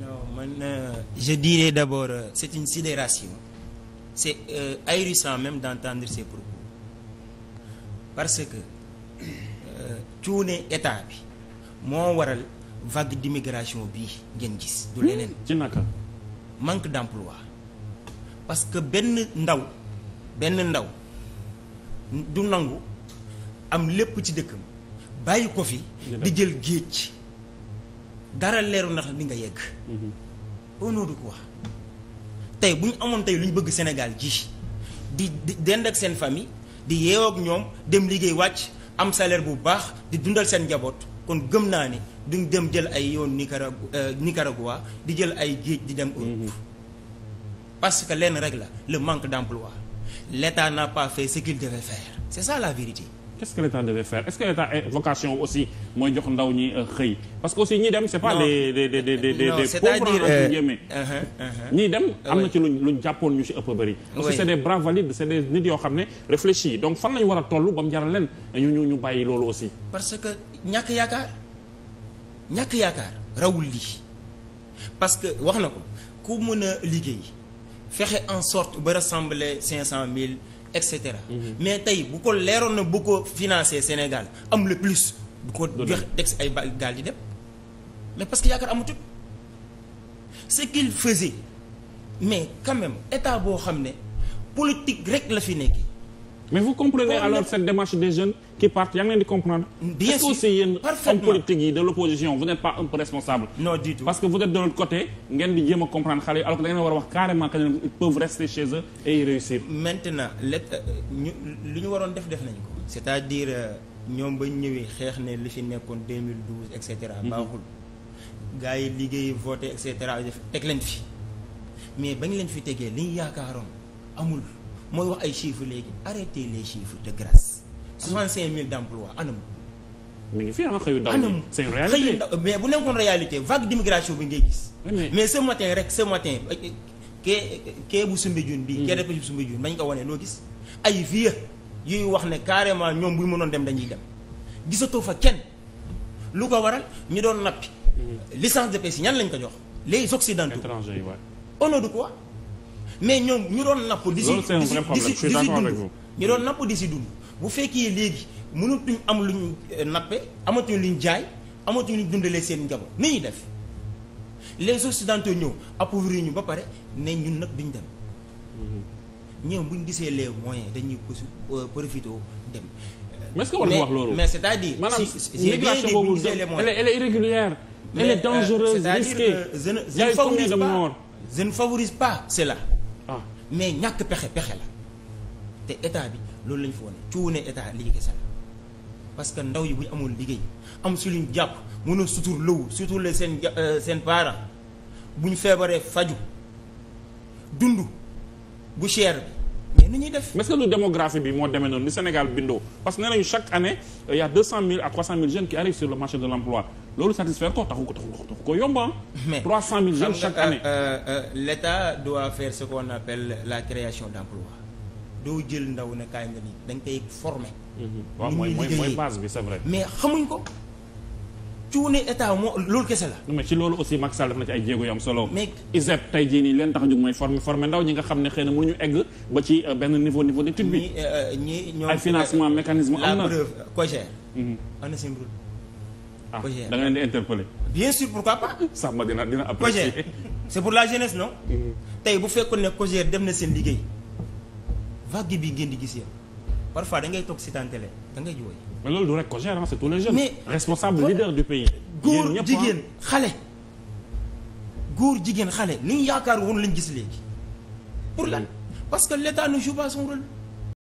non man euh, je dirais d'abord euh, c'est une sidération c'est euh, ahurissant même d'entendre ces propos parce que cuune euh, état bi moo waral vague d'immigration bii ngeen gis du leneen ci naka manque d'emploi parce que benn ndaw benn ndaw du nangu am lépp ci dëkkam bàyyi ko fi di jël géej dara leeru ndax li nga yegg. Mhm. au nom de quoi tey bu ñu amoon tey lu ñu bëgg Sénégal ji di di dend ak seen famille di yeewoo ak ñoom dem liggéey wàcc am salaire bu baax di dundal seen njaboot kon gëm naa ne duñ dem jël ay yoon Nicaragua euh, Nicaragua di jël ay géej di dem Europe. Mhm. parce que lenn rek la le manque d'emploi l'État n'a pas fait ce qu'il devait c'est ça la vérité. qu'est-ce que l'État devait faire est-ce que l'État a eh, vocation aussi mooy jox ndaw ñi euh, xëy parce que aussi ñi dem c'est pas des des des des des pauvres entre euh, uh-huh, uh-huh. ñii dem am na ci luñ luñ jàppoon ñu si ëpp bari parce que c'est des bras valides c'est des nit yoo xam ne réfléchis donc fan lañ war a toll ba mu jaral leen ñu ñu ñu bàyyi loolu aussi parce que ñàkk yaakaar ñàkk yaakaar rawul lii parce que wax na ko ku mën a liggéey fexe en sorte ba rassembler cinq cent mille et cetera. Mhm. mais tey bu ko leeroon na bu ko financé Sénégal am le plus. bu ko jox teg si ay gaal yi dem mais parce que yaakaar amatul ce qu'il faisait mais quand même état boo xam ne politique rek la fi nekk. mais vous comprenez oh, alors cette démarche des jeunes qui partent yaa ngi leen di comprendre. bien sûr est-ce que aussi yéen hommes politiques yi de l'opposition vous n'êtes pas un peu responsable. non du tout parce de l'autre côté ngeen di jéem a comprendre xale yi alors que da war a wax carrément que ils rester chez eux et y réussir. maintenant lépp euh, ñu lu ñu waroon def def nañu ko. cest à diir euh, ñoom ba ñëwee xeex ne li fi nekkoon 2012 et cetera. Mhm. baaxul gars yi liggéey voté et cetera teg leen fi mais bañ leen fi tegee li ñu yaakaaroon amul. mooy wax ay chiffres léegi arrêtez les chiffres de grâce 65000 d'emplois anam. mi ngi fi ah xëyu ndaw mi c'est une réalité xëyu ndaw mais bu nekkoon réalité vague d'immigration bi ngay gis. mais ce matin rek ce matin kee kee bu Soumbédioune bi mm. kee bu Soumbédioune bañ ko wane loo gis. ay vieux yuy wax ne carrément ñoom buy ñu mënoon dem dañuy dem gisatoo fa kenn lu ko waral ñu doon nappi. Mm. licence de pêche ñan lañ ko jox. les occidentaux étrangers yi waaw. mais ñoom ñu doon napp di si di si dund ñu doon napp di si dund bu fekkee léegi mënatuñ am luñ euh, nappe amatuñ luñ jaay amatuñ luñ dundalee seen njaboot ni ñuy def les occidentaux ñëw appauvrir ñu ba pare ne ñun nag duñ dem mm-hmm. ñoom buñ gisee les moyens dañuy posu euh, profité dem mais est-ce que war loolu c'est-à-dire maanaam migration boobu elle est irrégulière euh, je ne favorise pas je ne Ah. mais ñàkk pexe pexe la te état bi loolu lañ fa wane cuune état liggéey kese la parce que ndaw yi bu ñu amul liggéey am su luñ jàpp mën a sutur lowu suturle seen euh, seen parent bu ñu feebaree faju dund bu cher mais nu ñuy def. mais est démographie bi moo demee noonu ni Sénégal bindoo parce que nee nañu chaque année il euh, y deux cent mille à trois cent mille jeunes qui arrivent sur le marché de l'emploi loolu satisfaire ko taxu ko taxu ko yomb ah. trois cent mille jeunes chaque année. Euh, euh, euh, l'État doit faire ce qu'on la création d'emplois doo jël ndaw ne kaay nga nii dañ koy former. Mhm. waaw mooy mooy base bi c'est vrai. mais xamuñ ko. cuune état moo loolu kese la. mais ci loolu aussi Macky Sall def na ci ay jéego yu am solo. mais ISEP tey jii nii leen tax a mooy former former ndaw ñi nga xam ne xëy na mënuñu egg ba ci euh, benn niveau niveau d'étude bi. ñi euh, ñoom ay financement mécanisme am na la preuve COJER. Mhm. Ah, da nga leen di interpeller. bien sûr pourquoi pas. sàmm dina dina apprécier. COJER c'est pour la jeunesse non. Mhm. tey bu fekkoon ne COJER def na seen liggéey vague bi ngeen di gis parfois da ngay toog si télé da ngay jooy. mais loolu du rek Cogère c'est tous les jeunes. mais responsable leader du pays. góor jigéen xale. góor jigéen xale ni ñu woon lañ gis léegi. pour lan hmm. parce que l'État ne joue pas son